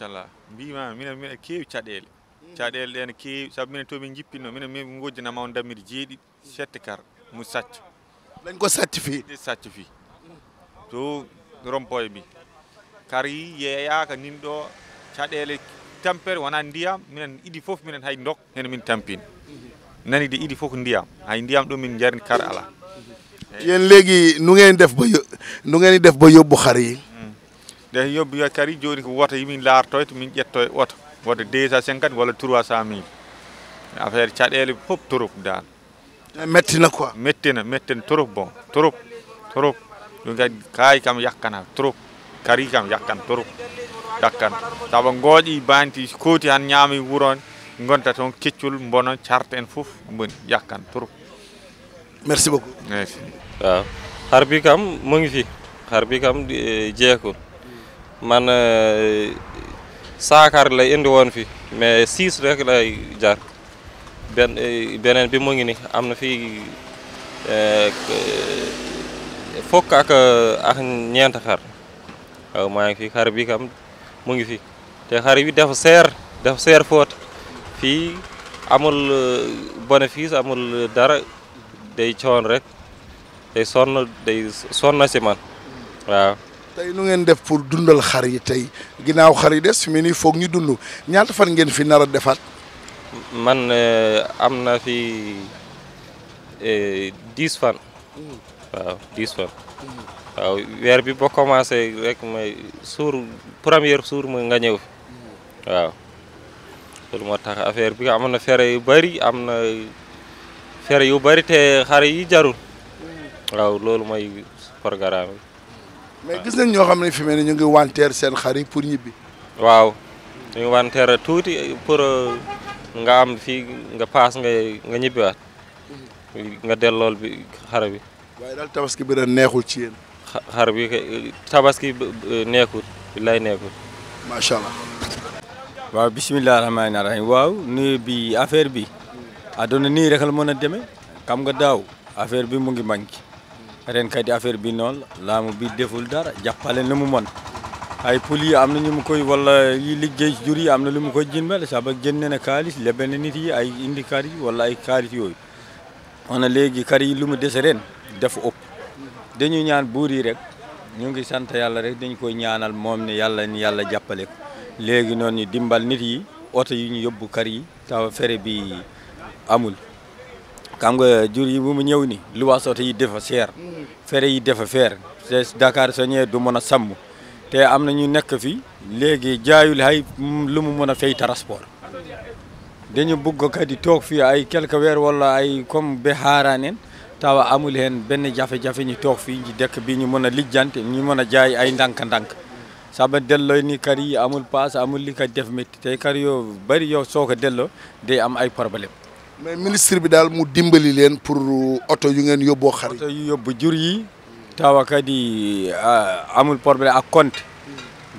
machallah mbima mina mine keewi caɗele mm-hmm. caɗele ɗe ne keewi saabu minen to min jippino minen min gojjanama on dammiri jeeɗiɗi sette kar mu sacco lañ ko sacci fi fi to rompoye mbi kari yeeyaka nin ɗo caɗele tampere wona ndiyam mina idi fof mina hay dok hen min tampin mm-hmm. nani de idi fof ndiyam hay ndiyam do min jarni kar ala yen legi nu ngeen def ba nu ngeen def ba yobbu xari nde yobbi yo kari joni ko woto yimin lartoy to min jettoy wota wota 250 wala 300000 kan, affaire caɗele pop torop dal eh, mettina quoi mettina mettina torop bon torop torop do ga kayi kam yakana torop kari kam yakkan torop yakkan tabo gooƴi banti koti han nyami wuron ngonta ton keccol bono carte en fuf yakkan torop merci beaucoup merci waaw ah, harbi kam mo ngi fi harbi kam di eh, jeekol man eh, saakaar lay indi woon fi mais six rek lay jar beneen bi mu ngi ni am na fii eh, fukk ak ak ñeent xar waaw maa ngi fi xar bi kam mu ngi fi te xar bi dafa seer dafa seer foot fii amul eh, bénéfice amul dara day coon rek day sonn day sonna ci man waaw tay nu ngeen def pour dundal xar yi tay ginaaw xar yi dess fi ni nii ñu dundu ñaata fan ngeen fi nara a man euh, amna fi euh 10 fan. waaw 10 fan. waaw wer bi bo commencé rek may sour première sour ma nga ñew waaw. loolu mo tax affaire bi amna féré yu bari amna féré yu bari té xar yi jarul waaw lolu may programme mais gis nañ ñoo xam ne fi mu ne ñu ngi wanteer seen xari yi pour ñibbi. waaw ñu ngi wanteer tuuti pour euh, nga am fii nga paas nga nga ñibbiwaat nga dellool bi xar bi. waaye daal tabaski bi ren neexul ci yéen. xar bi tabaski neexul lay neexul. macha allah. waaw bisimilah rahmaani rahim waaw nuyu bi affaire bi. aduna nii rek la mën a deme xam nga daaw affaire bi mu ngi manqué. ren kadi affaire bi noon laamu bi deful dara jàppale li mu mën ay pul yi am na ñu mu koy walla yi liggéey jur yi am na lu mu koy jënbale saba génne na kaalis lebe nit yi ay indi kar yi walla ay kaalis yooyu wana léegi kar yi lu mu dese ren dafa ëpp dañu ñaan buur yi rek ñu ngi sant yàlla rek dañu koy ñaanal moom ne yàlla ni yàlla jàppale ko léegi noonu ñu dimbal nit yi oto yi ñu yóbbu kar yi taw fere bi amul xam jur yi bu mu ñëw ni lu waa soto yi defa seer fere yi defa feer te Dakar soo ñëwee du mën a sàmm te am na ñu nekk fi léegi jaayul hay lu mu mën a fay transport dañu bugg kadi toog fii ay quelque weer wala ay comme ba haaraaneen tawa amul hen benn jafe-jafe ñu toog fii ci dëkk bi ñu mën a lijjante ñu mën a jaay ay ndànk-ndànk saba dello ni kar yi amul paas amul li ko def métti te kar yoo bari yow soo ko delloo day am ay problème mais ministre bi daal mu dimbali leen pour oto yu ngeen yóbboo xar yi. oto yóbbu jur yi. tawakat yi euh, amul problème ak compte.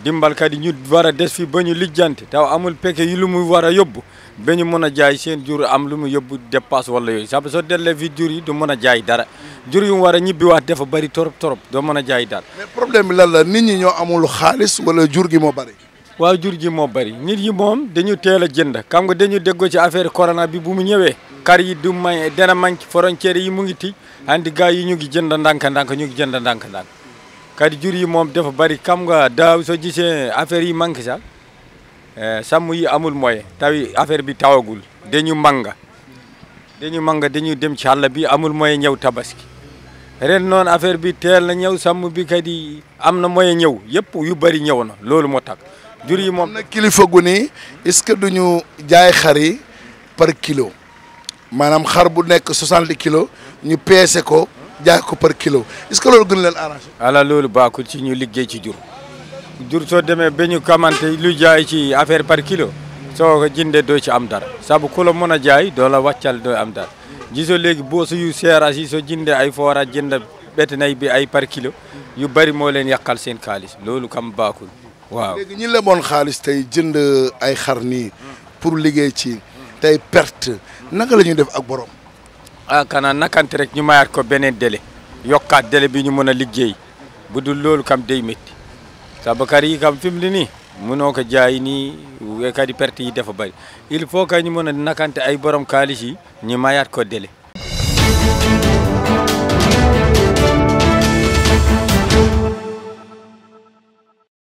dimbalkat yi ñu war a des fi ba ñu lijjanti taw amul peke yi lu mu war a yóbbu ba ñu mën a jaay seen jur am lu mu yóbbu dépasse wala yooyu sax soo dellee fi jur yi du mën a jaay dara jur yu mu war a ñibbiwaat dafa bëri torop torop doo mën a jaay dara. mais problème bi lan la nit ñi ñoo amul xaalis wala jur gi moo bari jur ji moo bari nit yi moom dañu teel a jënd xam nga dañu déggoo ci affaire corona bi bu mu ñëwee. kar yi du may dana manqué frontière yi mu ngi ti andi gars yi ñu ngi jënd ndànk-ndànk ñu ngi jënd ndànk-ndànk kadi jur yi moom dafa bari xam nga daaw soo gisee affaire yi manqué sax eh, sàmm yi amul moyen tawi affaire bi tawagul dañu manga dañu manga dañu dem ci àll bi amul moyen ñëw tabaski ren noonu affaire bi teel na ñëw sàmm bi kadi am na moyen ñëw yëpp yu bari ñëw na loolu moo tax jur yi moom nag kilifa gu nii est-ce que duñu jaay xar par kilo maanaam xar bu nekk soixante kilos ñu peese ko jaay ko par kilo est que loolu gën leen arrangé. ala loolu baaxul ci ñu liggéey ci jur. jur soo demee ba ñu kamante lu jaay ci affaire par kilo soo ko jëndee doo ci am dara sabu ku la mën a jaay doo la wàccal doo am dara gisoo léegi boo suyu seeraas yi soo jëndee ay foora jënd bett nay bi ay par kilo yu bari moo leen yàqal seen xaalis loolu kam baaxul. waaw léegi ñi leboon xaalis tey jënd ay xar nii pour liggéey ci tey pert naka la ñuy def ak borom. ah kanaan nakante rek ñu mayaat ko beneen dele yokkaat dele bi ñu mën a liggéey bu dul loolu kam day métti sabakar yi kam fi mu ni nii mënoo ko jaay nii wéykat yi pert yi dafa bari il faut que ñu mën a nakante ay borom kaalis yi ñu mayaat ko délai.